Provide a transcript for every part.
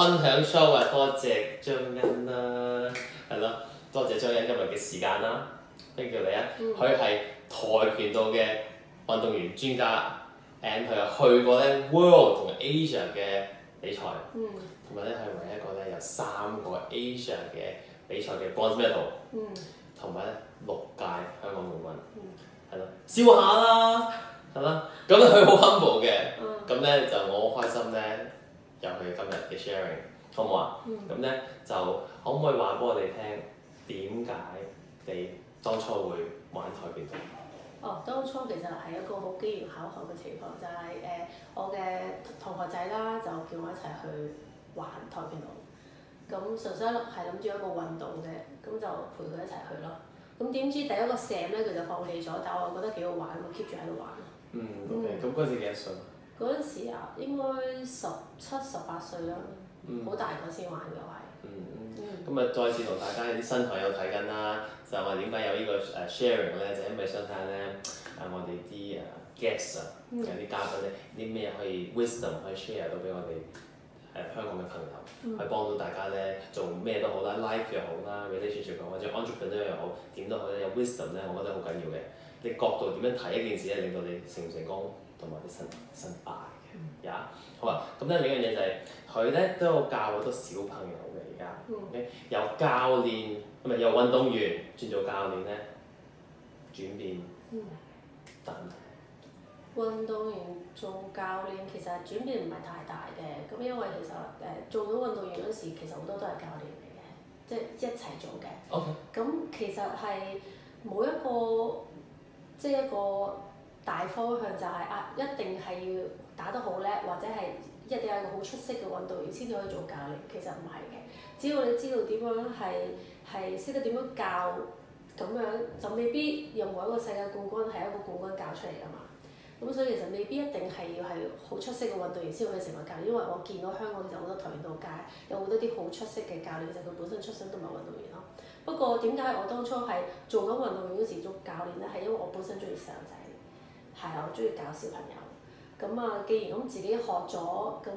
分享 show 啊！多謝張欣啦，係咯，多謝張欣今日嘅時間啦。跟住嚟啊？佢係跆拳道嘅運動員專家，and 佢又去過咧 World 同 Asia 嘅比賽，同埋咧佢唯一一個咧有三個 Asia 嘅比賽嘅 gold medal 同埋咧六屆香港冠軍，係咯、嗯，笑下啦，係咯，咁佢好 humble 嘅，咁咧、嗯、就我好開心咧。有佢今日嘅 sharing，好唔好啊？咁咧、嗯、就可唔可以話俾我哋聽，點解你當初會玩跆拳道？哦，當初其實係一個好機緣巧合嘅情況，就係、是、誒、呃、我嘅同學仔啦，就叫我一齊去玩跆拳道。咁純粹係諗住一個運動嘅，咁就陪佢一齊去咯。咁點知第一個 sem 咧，佢就放棄咗，但係我覺得幾好玩喎，我 keep 住喺度玩。嗯，OK，咁嗰、嗯、時幾順。嗰陣時啊，應該十七十八歲啦，好大個先玩嘅係。嗯嗯。咁啊，再次同大家啲新朋友睇緊啦，就話點解有呢個誒 sharing 咧？就因為想睇下咧，啊我哋啲誒 guest 啊，有啲嘉賓咧，啲咩可以 wisdom 可以 share 到俾我哋誒香港嘅朋友，去幫到大家咧，做咩都好啦，life 又好啦，relationship 又好，或者 entrepreneur 又好，點都好咧有 wisdom 咧，我覺得好緊要嘅。你角度點樣睇一件事咧，令到你成唔成功？同埋啲成成敗嘅，呀、嗯，yeah. 好啊，咁咧另一樣嘢就係佢咧都有教好多小朋友嘅而家，嗯、由教練唔係由運動員轉做教練咧轉變，大唔大？嗯、運動員做教練其實轉變唔係太大嘅，咁因為其實誒、呃、做咗運動員嗰時其實好多都係教練嚟嘅，即、就、係、是、一齊做嘅。O K，咁其實係每一個即係一個。就是一個大方向就係、是、啊，一定係要打得好叻，或者係一定係一個好出色嘅運動員先至可以做教練，其實唔係嘅，只要你知道點樣係係識得點樣教，咁樣就未必任何一個世界冠軍係一個冠軍教出嚟㗎嘛。咁所以其實未必一定係要係好出色嘅運動員先可以成為教練，因為我見到香港其實有好多跆拳道界有好多啲好出色嘅教練就佢、是、本身出身都唔係運動員咯。不過點解我當初係做緊運動員時做教練咧，係因為我本身中意細路仔。係啊，我中意教小朋友。咁啊，既然咁自己學咗，咁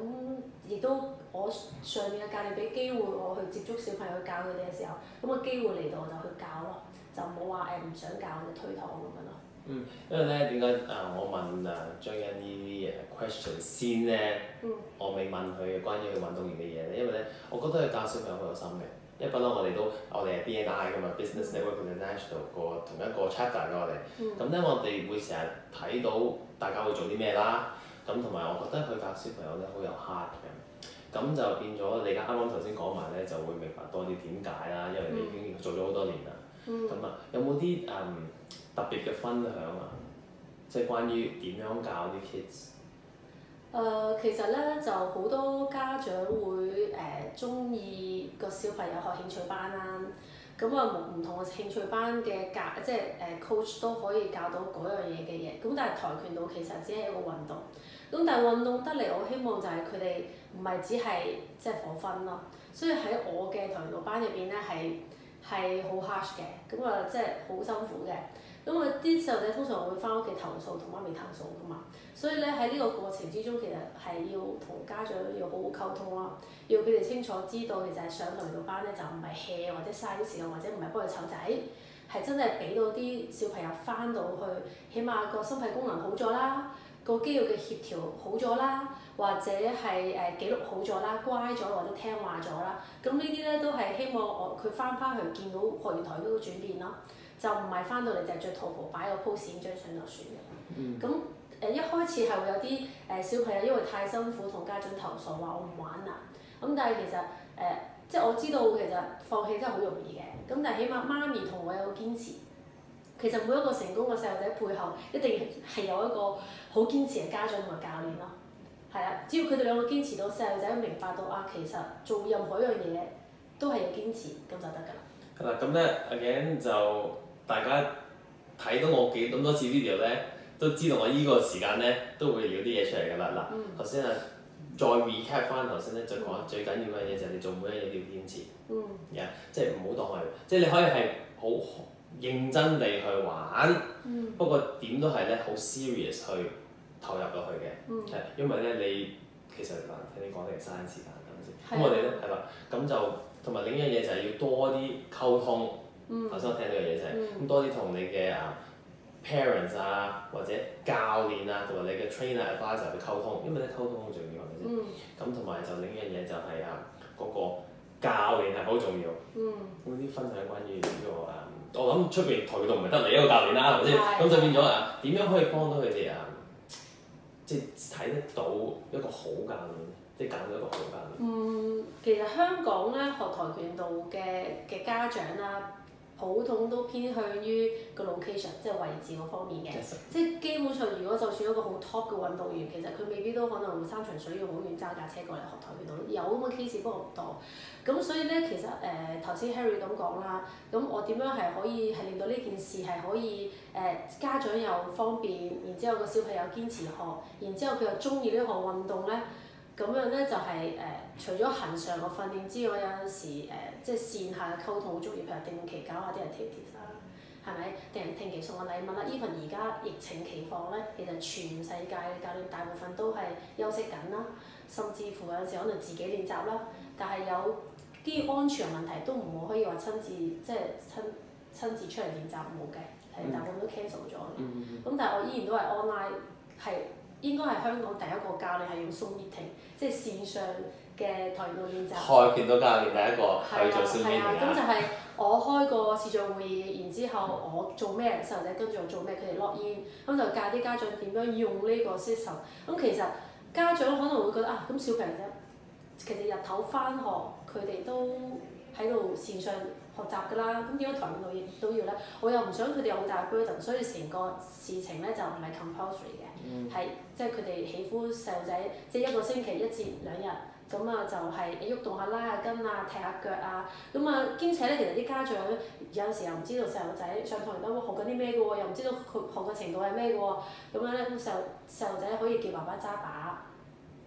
亦都我上面嘅教練俾機會我去接觸小朋友去教佢哋嘅時候，咁個機會嚟到我就去教咯，就冇話誒唔想教就推搪咁樣咯。嗯，因為咧點解啊我問啊張欣、uh，呢啲嘢 question 先咧？嗯、我未問佢關於佢運動員嘅嘢咧，因為咧我覺得佢教小朋友好有心嘅。一個咧，我哋都我哋係 BNI 咁嘛 Business Network International 個同一個 chapter 嘅我哋咁咧，嗯、我哋會成日睇到大家會做啲咩啦。咁同埋我覺得佢教小朋友咧好有 heart 嘅，咁就變咗你而家啱啱頭先講埋咧，就會明白多啲點解啦。因為你已經做咗好多年啦。咁啊、嗯，有冇啲誒特別嘅分享啊？即係關於點樣教啲 kids？誒、呃，其實咧就好多家長會誒中意個小朋友學興趣班啦，啊，咁啊唔同嘅興趣班嘅教即係誒、呃、coach 都可以教到嗰樣嘢嘅嘢，咁但係跆拳道其實只係一個運動，咁但係運動得嚟我希望就係佢哋唔係只係即係火分咯，所以喺我嘅跆拳道班入邊咧係係好 harsh 嘅，咁、嗯、啊即係好辛苦嘅。咁啊，啲細路仔通常會翻屋企投訴，同媽咪投訴噶嘛。所以咧喺呢個過程之中，其實係要同家長要好好溝通啦，要佢哋清楚知道其實就係上嚟到班咧就唔係 hea 或者嘥啲時間，或者唔係幫佢湊仔，係真係俾到啲小朋友翻到去，起碼個心肺功能好咗啦，個肌肉嘅協調好咗啦，或者係誒記錄好咗啦，乖咗或者聽話咗啦。咁呢啲咧都係希望我佢翻返去見到學員台嗰個轉變咯。就唔係翻到嚟就係、是、著道袍擺個 pose 影張相就算嘅，咁誒、嗯、一開始係會有啲誒小朋友因為太辛苦同家長投訴話我唔玩啦，咁但係其實誒、呃、即係我知道其實放棄真係好容易嘅，咁但係起碼媽咪同我有個堅持，其實每一個成功嘅細路仔背後一定係有一個好堅持嘅家長同埋教練咯，係啦，只要佢哋兩個堅持到細路仔都明白到啊，其實做任何一樣嘢都係要堅持咁就得㗎啦。咁咧 again 就。嗯大家睇到我幾咁多次 video 咧，都知道我依個時間咧都會聊啲嘢出嚟㗎啦。嗱、嗯，頭先啊，再 recap 翻頭先咧，就講最緊要嘅嘢就係、是、你做每一樣嘢、嗯 yeah, 要堅持。即係唔好當佢，即係你可以係好認真地去玩。嗯、不過點都係咧，好 serious 去投入落去嘅。嗯。因為咧你其實難聽你講咧嘥時間咁，先、嗯。咁我哋咧係啦，咁就同埋另一樣嘢就係要多啲溝通。頭先、嗯、我聽到嘅嘢就係、是、咁、嗯、多啲同你嘅啊、uh, parents 啊或者教練啊同埋你嘅 trainer advisor 去溝通，因為咧溝通好重要係咪先？咁同埋就另一樣嘢就係啊嗰個教練係好重要。嗯。咁啲分享關於呢、這個啊、嗯，我諗出邊跆拳道唔係得你一個教練啦，係咪先？咁、就是、就變咗啊，點樣可以幫到佢哋啊？即係睇得到一個好教練，即係揀到一個好教練。嗯，其實香港咧學跆拳道嘅嘅家長啦。普通都偏向於個 location，即係位置嗰方面嘅，Yes. 即係基本上如果就算一個好 top 嘅運動員，其實佢未必都可能會山長水遠好遠揸架車過嚟學跆拳道。有咁嘅 case 不過唔多。咁所以咧，其實誒頭先 Harry 咁講啦，咁我點樣係可以係令到呢件事係可以誒、呃、家長又方便，然之後個小朋友堅持學，然之後佢又中意呢項運動咧？咁樣咧就係、是、誒、呃，除咗恆常個訓練之外，有陣時誒、呃，即係線下嘅溝通好重要，譬如定期搞下啲人 treat 啊，係咪？定期送個禮物啦。even 而家疫情期況咧，其實全世界嘅教練大部分都係休息緊啦，甚至乎有陣時可能自己練習啦。但係有啲安全問題都唔可以話親自，即係親親自出嚟練習冇嘅，係大部分都 cancel 咗嘅。咁、嗯嗯嗯嗯、但係我依然都係 online 係。應該係香港第一個教你係用 Zoom Meeting 即係線上嘅跆拳道台見到家宴。跆拳道家宴第一個去做 Zoom Meeting 咁就係我開個視像會議，然後之後我做咩，細路仔跟住我做咩，佢哋錄音，咁就教啲家長點樣用呢個 system。咁其實家長可能會覺得啊，咁小朋友啫，其實日頭返學佢哋都喺度線上。學習㗎啦，咁點解台語老師都要咧？我又唔想佢哋有好大嘅 burden，所以成個事情咧就唔係 compulsory 嘅，係即係佢哋喜歡細路仔，即係一個星期一至兩日，咁啊就係喐動下、拉下筋啊、踢下腳啊，咁啊兼且咧，其實啲家長有時候唔知道細路仔上堂都學緊啲咩㗎喎，又唔知道佢學嘅程度係咩㗎喎，咁樣咧，咁細路細路仔可以叫爸爸揸把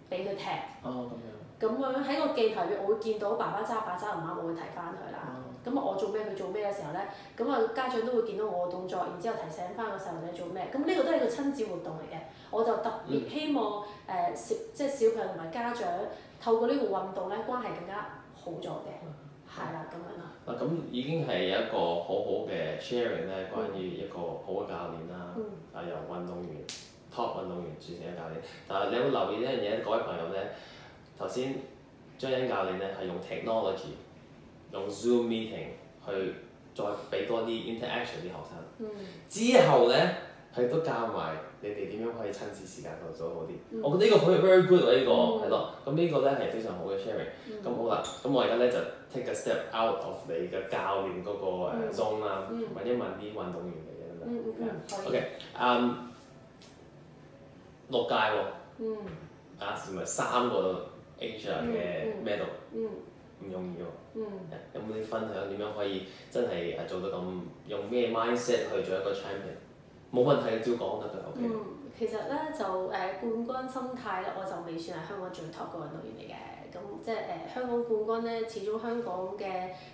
俾佢踢。哦，咁樣。咁樣喺個鏡頭入邊，我會見到爸爸揸把揸唔啱，我會提翻佢啦。嗯咁我做咩佢做咩嘅時候咧，咁啊家長都會見到我嘅動作，然之後提醒翻個細路仔做咩，咁呢個都係個親子活動嚟嘅。我就特別希望誒小、嗯呃，即係小朋友同埋家長透過呢個運動咧，關係更加好咗嘅，係啦咁樣啦。啊，咁、嗯、樣已經係有一個好好嘅 sharing 咧，關於一個好嘅教練啦，嗯、由運動員、嗯、top 運動員轉成嘅教練。但係你有冇留意一樣嘢咧，各位朋友咧，頭先張欣教練咧係用 technology。用 Zoom meeting 去再俾多啲 interaction 啲學生，之後咧佢都教埋你哋點樣可以親自時間做好好啲。我覺得呢個好係 very good，呢個係咯。咁呢個咧係非常好嘅 sharing。咁好啦，咁我而家咧就 take a step out of 你嘅教練嗰個 zone 啦，問一問啲運動員嘅嘢。嗯嗯，可以。OK，誒六屆喎，啊成為三個 Asia 嘅 medal，唔容易喎。嗯，有冇啲分享點樣可以真係誒做到咁？用咩 mindset 去做一個 champion？冇問題嘅，照講就得嘅 OK。 嗯，其實咧就誒冠軍心態咧，我就未算係香港最 top 嘅運動員嚟嘅。咁、嗯、即係誒、呃、香港冠軍咧，始終香港嘅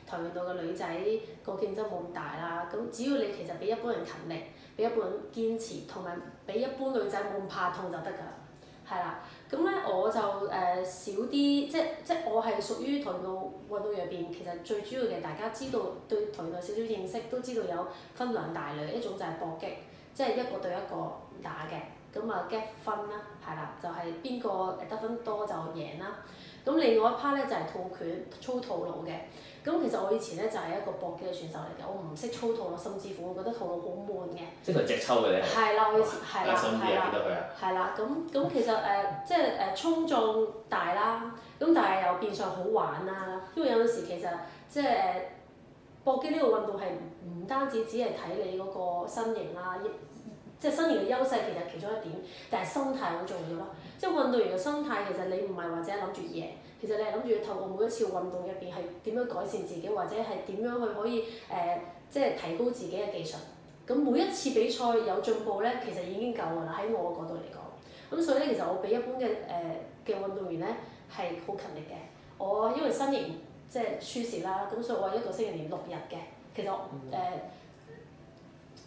跆拳道嘅女仔個競爭冇咁大啦。咁只要你其實比一般人勤力，比一般人堅持，同埋比一般女仔冇咁怕痛就得噶啦，係啦。咁咧我就誒、呃、少啲，即係即係我係屬於跆拳道運動入邊。其實最主要嘅，大家知道對，跆拳道少少認識都知道有分兩大類，一種就係搏擊，即係一個對一個打嘅，咁啊 get 分啦，係啦，就係邊個誒得分多贏啦，咁另外一 part 咧就係套拳，操套路嘅。咁其實我以前咧就係一個搏擊嘅選手嚟嘅，我唔識操套路，甚至乎我覺得套路好悶嘅。即係佢直抽嘅咧。係啦，我以前係啦，係啦、啊。係啦的，咁咁、啊、的其實誒、呃，即係誒、呃、衝撞大啦，咁但係又變相好玩啦，因為有陣時其實即係搏擊呢個運動係唔單止只係睇你嗰個身形啦。即係身型嘅優勢其實其中一點，但係心態好重要啦。即係運動員嘅心態，其實你唔係或者諗住贏，其實你係諗住透過每一次運動入面係點樣改善自己，或者係點樣去可以誒、呃，即係提高自己嘅技術。咁每一次比賽有進步咧，其實已經夠啦。喺我嘅角度嚟講，咁所以咧，其實我比一般嘅誒嘅運動員咧係好勤力嘅。我因為身型即係輸蝕啦，咁所以我一個星期練六日嘅。其實誒。嗯呃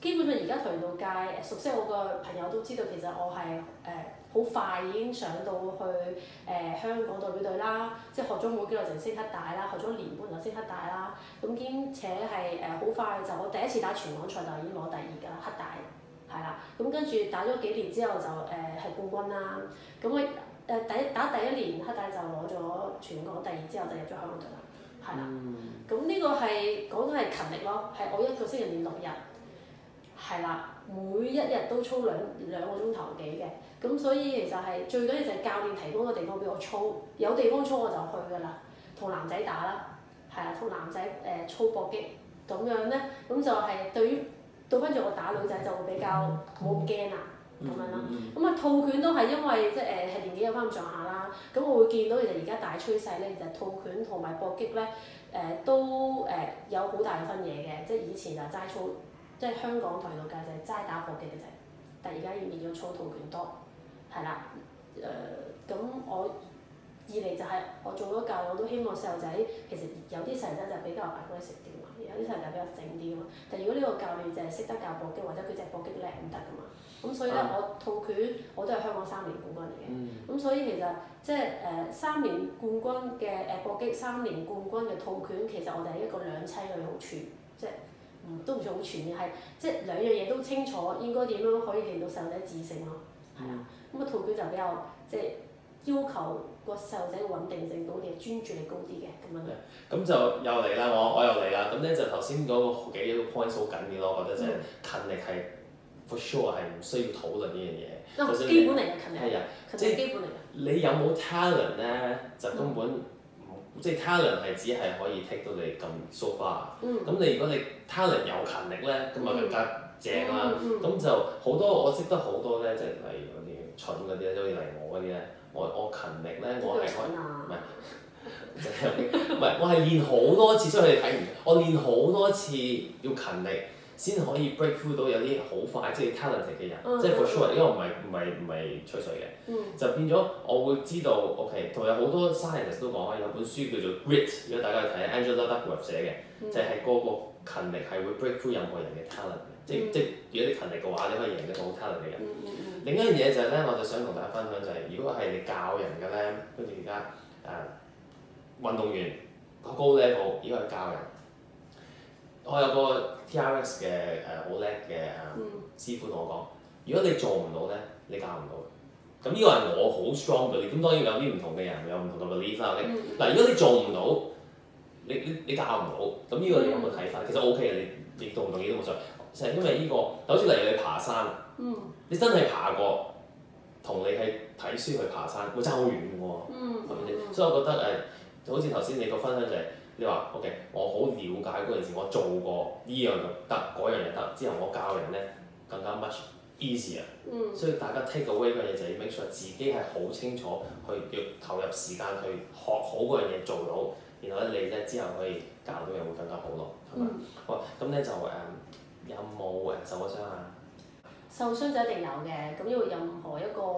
基本上而家跆拳道界誒，熟悉我嘅朋友都知道，其實我係誒好快已經上到去誒、呃、香港代表隊啦，即係學咗冇幾耐就升黑帶啦，學咗年半就升黑帶啦。咁、嗯、兼且係誒好快就我第一次打全港賽就已經攞第二㗎啦，黑帶，係啦。咁跟住打咗幾年之後就誒係、呃、冠軍啦。咁我誒第一打第一年黑帶就攞咗全港第二之後就入咗香港隊啦，係啦。咁、嗯、呢、嗯、個係講緊係勤力咯，係我一個星期練六日。係啦，每一日都操兩兩個鐘頭幾嘅，咁所以其實係最緊要就係教練提供個地方俾我操，有地方操我就去㗎啦，同男仔打啦，係啊，同男仔誒、呃、操搏擊，咁樣咧，咁就係對於到翻住我打女仔就會比較冇咁驚啊，咁樣咯，咁啊套拳都係因為即係誒年紀有翻咁上下啦，咁我會見到其實而家大趨勢咧，其實套拳同埋搏擊咧，誒、呃呃、都誒有好大嘅分野嘅，即係以前就齋操。即係香港跆拳道界就仔、是、齋打搏擊嘅仔，但而家入面要操拳、呃就是啊、套拳多，係啦，誒咁我二嚟就係我做咗教練，我都希望細路仔其實有啲細路仔就比較 aggressive 啲嘅嘛，有啲細路仔比較靜啲嘅嘛。但係如果呢個教練就係識得教搏擊或者佢隻搏擊叻唔得嘅嘛，咁所以咧我套拳我都係香港三年冠軍嚟嘅，咁、嗯、所以其實即係誒、呃、三年冠軍嘅誒搏擊三年冠軍嘅套拳，其實我哋係一個兩棲嘅用處，即係。都唔算好全面，係即係兩樣嘢都清楚，應該點樣可以令到細路仔自信咯？係啊、嗯，咁啊，圖表就比較即係要求個細路仔嘅穩定性高啲，專注力高啲嘅咁樣咁就又嚟啦，我我又嚟啦。咁咧就頭先嗰個幾個 point 好緊要咯，我覺得即係勤力係 for sure 係唔需要討論呢樣嘢。哦、基本嚟嘅勤力。係啊，即係的基本嚟嘅。你有冇 talent 咧？就根本、嗯。即係 talent 係只係可以 take 到你咁 so far，咁你如果你 talent 又勤力咧，咁啊更加正啦。咁就好多、嗯、我識得好多咧，即係例如嗰啲蠢嗰啲咧，都例，例如我嗰啲咧，我我勤力咧，我係我唔係，唔係、即係、我係練好多次，所以你睇唔出。我練好多次要勤力。先可以 break through 到有啲好快即係 talent 嘅人，即係 for sure，因為我唔係唔係唔係吹水嘅，就變咗我會知道。OK，同埋好多 scientist 都講啊，有本書叫做《Grit》，如果大家去睇，Angela Duckworth 寫嘅，就係個個勤力係會 break through 任何人嘅 talent 嘅，即即如果啲勤力嘅話，你可以贏得到好 talent 嘅人。另一樣嘢就係咧，我就想同大家分享就係如果係你教人嘅咧，跟住而家誒運動員，個高 level，而家去教人。我有個 TRX 嘅誒好叻嘅師傅同我講，如果你做唔到咧，你教唔到。咁呢個係我好 strong 嘅，咁當然有啲唔同嘅人，有唔同嘅理解嘅。嗱、嗯，如果你做唔到，你你你教唔到，嗯 OK、到，咁呢個你有冇睇法？其實 O K 嘅，你你同唔同意都冇所謂。成因為呢、這個，就好似例如你爬山，嗯、你真係爬過，同你係睇書去爬山，會差好遠嘅喎。嗯嗯、所以我覺得誒，uh, 好似頭先你個分享就係、是。你話 OK，我好了解嗰陣時，我做過呢樣又得，嗰樣又得。之後我教人咧更加 much easier、嗯。所以大家 take away 個嘢就係 make sure 自己係好清楚去要投入時間去學好嗰樣嘢做到。然後咧你咧之後可以教到嘢會更加好咯，係嘛、嗯？哇，咁咧就誒、um, 有冇誒受，受過傷啊？受傷就一定有嘅。咁因為任何一個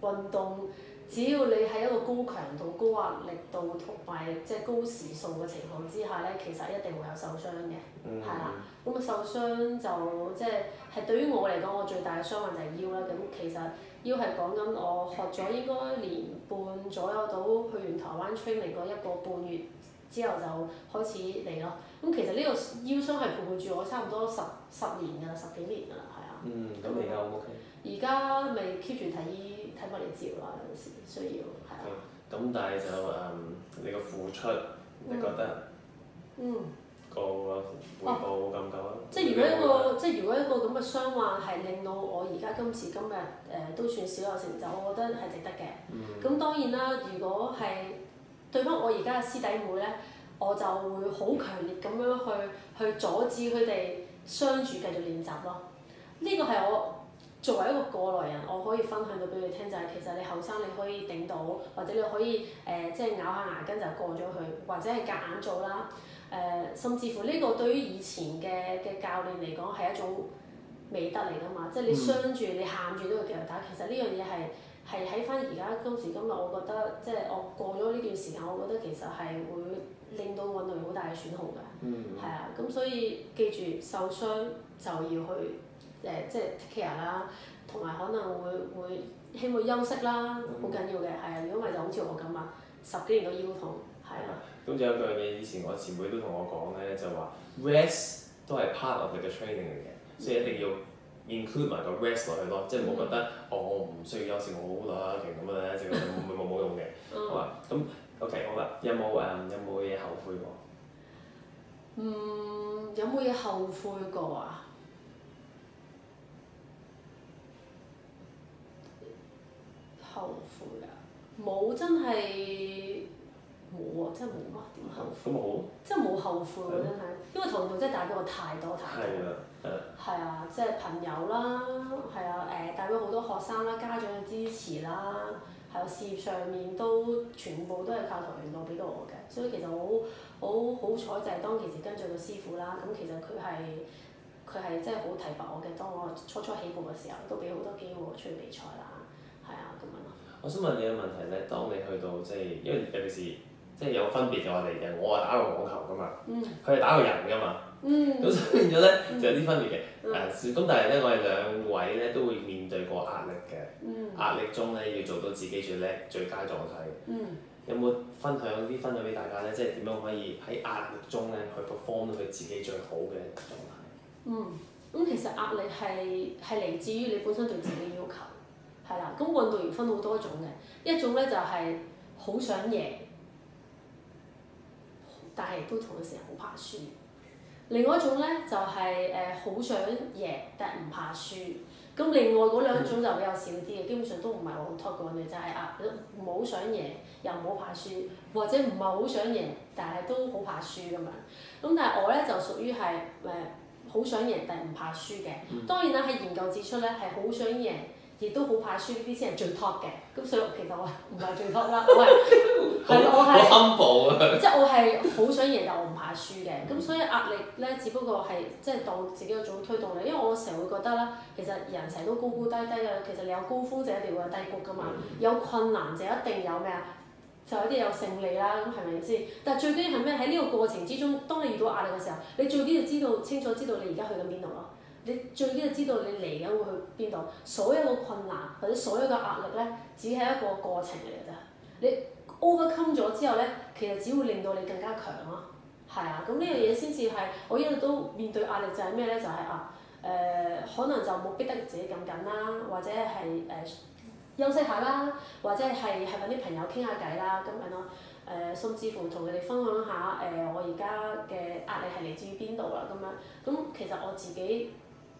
運動。只要你喺一個高強度、高壓力度同埋即係高時數嘅情況之下咧，其實一定會有受傷嘅，係啦、mm。咁、hmm. 啊，受傷就即係係對於我嚟講，我最大嘅傷患就係腰啦。咁其實腰係講緊我學咗應該年半左右到去完台灣 training 嗰一個半月之後就開始嚟咯。咁其實呢個腰傷係陪伴住我差唔多十十年㗎啦，十幾年㗎啦，係啊。嗯、mm，咁而家 O K。而家咪 keep 住睇睇我哋照啦，有時需要係啊。咁但係就誒，你個付出，你覺得？嗯。個回報冇咁夠咯。即係如果一個，即係、嗯、如果一個咁嘅傷患係令到我而家今時今日誒、呃、都算小有成就，我覺得係值得嘅。嗯。咁當然啦，如果係對返我而家嘅師弟妹咧，我就會好強烈咁樣去去阻止佢哋相處繼續練習咯。呢個係我。作為一個過來人，我可以分享到俾佢聽就係，其實你後生你可以頂到，或者你可以誒、呃，即係咬下牙根就過咗去，或者係夾硬做啦。誒、呃，甚至乎呢個對於以前嘅嘅教練嚟講係一種美德嚟㗎嘛，即係你傷住你喊住都要繼續打。其實呢樣嘢係係喺翻而家今時今日，我覺得即係我過咗呢段時間，我覺得其實係會令到運動員好大嘅損耗㗎、嗯嗯。嗯。係啊，咁所以記住受傷就要去。誒即係 take care 啦，同埋可能會會希望會休息啦，好緊要嘅，係啊、嗯，因為就好似我咁啊，十幾年都腰痛。係啊。咁仲、嗯、有樣嘢，以前我前輩都同我講咧，就話 rest 都係 part of 佢嘅 training 嚟嘅，所以一定要 include 埋個 rest 落去咯，即係冇覺得我唔、嗯哦、需要休息，我好啦，其實咁樣咧，其實冇冇用嘅。好啊，咁 OK 好啦，有冇誒有冇嘢、um, 後悔過？嗯，有冇嘢後悔過啊？後悔啊！冇有真係冇啊，真係冇。哇、嗯！點後悔冇，真係冇後悔。真係，因為跆拳道真係帶俾我太多太多。係啦、嗯，係。啊，即係朋友啦，係啊，誒、呃，帶俾好多學生啦，家長嘅支持啦、啊，事業上面都全部都係靠跆拳道俾到我嘅。所以其實我我好好好彩就係當其時跟著個師傅啦。咁其實佢係佢係真係好提拔我嘅。當我初初起步嘅時候，都俾好多機會我出去比賽啦。我想問你一個問題咧，當你去到即係，因為尤其是即係有分別嘅我哋嘅，我係打過網球噶嘛，佢係、嗯、打過人噶嘛，咁、嗯、 所以變咗咧就有啲分別嘅。咁、嗯、但係咧，我哋兩位咧都會面對過壓力嘅，嗯、壓力中咧要做到自己最叻、最佳狀態。嗯、有冇分享啲分享俾大家咧？即係點樣可以喺壓力中咧去 perform 到佢自己最好嘅狀態？咁、嗯、其實壓力係係嚟自於你本身對自己要求。係啦，咁運動員分好多種嘅，一種咧就係好想贏，但係都同時好怕輸。另外一種咧就係誒好想贏，但係唔怕輸。咁另外嗰兩種就比較少啲嘅，基本上都唔係好託過嘅，就係啊唔好想贏又唔好怕輸，或者唔係好想贏，但係都好怕輸咁樣。咁但係我咧就屬於係誒好想贏，但係唔怕輸嘅。當然啦，係研究指出咧係好想贏，亦都好怕輸呢啲先係最 top 嘅。咁所以其實我唔係最 top 啦，我係，係我係，即係我係好想贏，但 我唔怕輸嘅。咁所以壓力咧，只不過係即係當自己一種推動力。因為我成日會覺得啦，其實人成日都高高低低嘅。其實你有高峰就一定會有低谷㗎嘛。有困難就一定有咩啊？就一定有勝利啦，咁係咪先？但係最緊要係咩？喺呢個過程之中，當你遇到壓力嘅時候，你最緊要知道清楚知道你而家去到邊度咯。你最緊要知道你嚟緊會去邊度，所有嘅困難或者所有嘅壓力咧，只係一個過程嚟嘅咋。你 overcome 咗之後咧，其實只會令到你更加強咯。係啊，咁呢樣嘢先至係我一路都面對壓力就係咩咧？就係、是、啊誒、呃，可能就冇逼得自己咁緊啦，或者係誒、呃、休息下啦，或者係係搵啲朋友傾下偈啦，咁樣咯誒、呃，甚至乎同佢哋分享下誒、呃、我而家嘅壓力係嚟自於邊度啦，咁樣。咁其實我自己。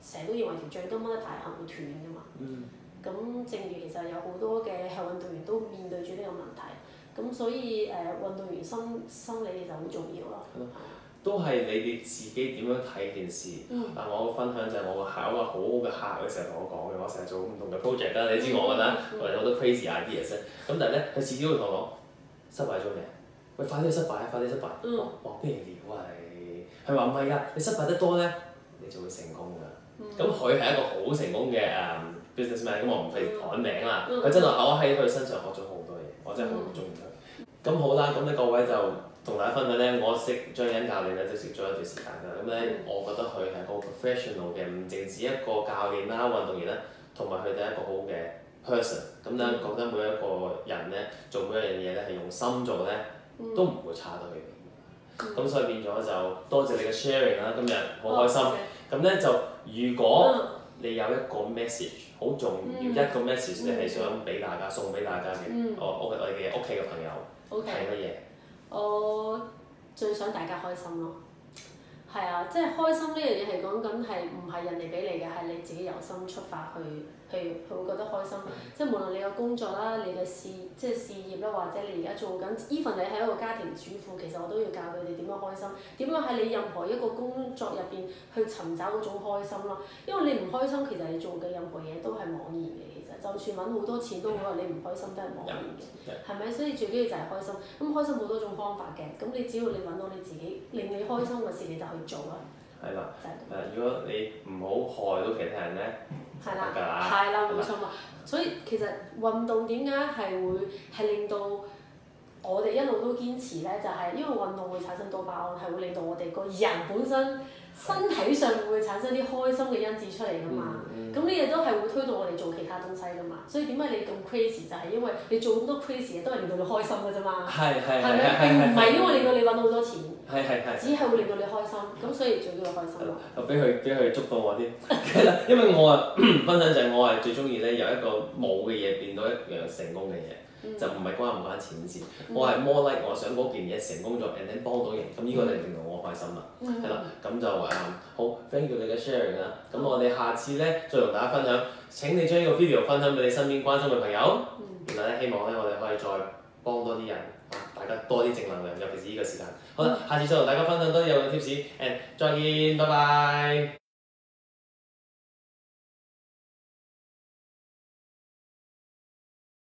成日都以為條最根本嘅繩會斷㗎嘛，咁、嗯、正如其實有好多嘅校運動員都面對住呢個問題，咁所以誒、呃、運動員心心理就好重要咯、嗯。都係你哋自己點樣睇件事，嗯、但我分享就係我嘅客戶好好嘅客戶咧，成日同我講嘅，我成日做唔同嘅 project 啦，你知我㗎啦，嗯、我哋好多 crazy idea 先，咁但係咧佢次次都會同我講失敗咗未？喂快啲失敗快啲失敗！失敗，嗯，哇咩嘢？我係佢話唔係啊，你失敗得多咧，你就會成功㗎。咁佢係一個好成功嘅誒、um, businessman，咁、嗯、我唔可以改名啦。佢、嗯、真係我喺佢身上學咗好多嘢，嗯、我真係好中意佢。咁好啦，咁呢各位就同大家分享呢我識張欣教練呢，就識咗一段時間㗎。咁呢，我覺得佢係個 professional 嘅，唔淨止一個教練啦、啊，運動員啦，同埋佢哋係一個好嘅 person。咁呢，覺得每一個人呢，做每樣嘢呢，係用心做呢，嗯、都唔會差到幾遠。咁所以變咗就多謝你嘅 sharing 啦，今日好開心。嗯咁咧就，如果你有一個 message 好重要，嗯、一個 message 你係想俾大家、嗯、送俾大家嘅，我屋我嘅屋企嘅朋友睇乜嘢？okay. 我最想大家開心咯。係啊，即係開心呢樣嘢係講緊係唔係人哋俾你嘅，係你自己由心出發去去，去會覺得開心。即係無論你嘅工作啦，你嘅事即係事業啦，或者你而家做緊 even 你係一個家庭主婦，其實我都要教佢哋點樣開心，點樣喺你任何一個工作入邊去尋找嗰種開心咯。因為你唔開心，其實你做嘅任何嘢都係冇。就算揾好多錢，都好啦，你唔開心都係冇用嘅，係咪喝？所以最緊要就係開心。咁開心好多種方法嘅，咁你只要你揾到你自己令你開心嘅事，你就去做啦。係啦吧，就係咁，如果你唔好害到其他人咧，係啦吧，係啦吧，冇錯冇錯。所以其實運動點解係會係令到我哋一路都堅持咧？就係因為運動會產生多巴胺，係會令到我哋個人本身。身體上會產生啲開心嘅因子出嚟㗎嘛，咁呢嘢都係會推動我哋做其他東西㗎嘛，所以點解你咁 crazy 就係因為你做好多 crazy 嘢都係令到你開心㗎啫嘛，係係係係係，並唔係因為令到你揾到好多錢，係係係，只係會令到你開心，咁、嗯、所以最中意開心啦。俾佢俾佢捉到我啲。係啦，因為我啊，分享就係我係最中意咧，由一個冇嘅嘢變到一樣成功嘅嘢。就唔係關唔關錢事，我係 more like 我想嗰件嘢成功咗，and then 幫到人，咁呢個就令到、啊、我開心啦。係啦，咁就誒好，thank you 你嘅 sharing 啦。咁我哋下次咧再同大家分享。請你將呢個 video 分享俾你身邊關心嘅朋友，然後咧希望咧我哋可以再幫多啲人，大家多啲正能量，尤其是呢個時間。好，嗯、下次再同大家分享多啲有用嘅 tips，and 再見，拜拜。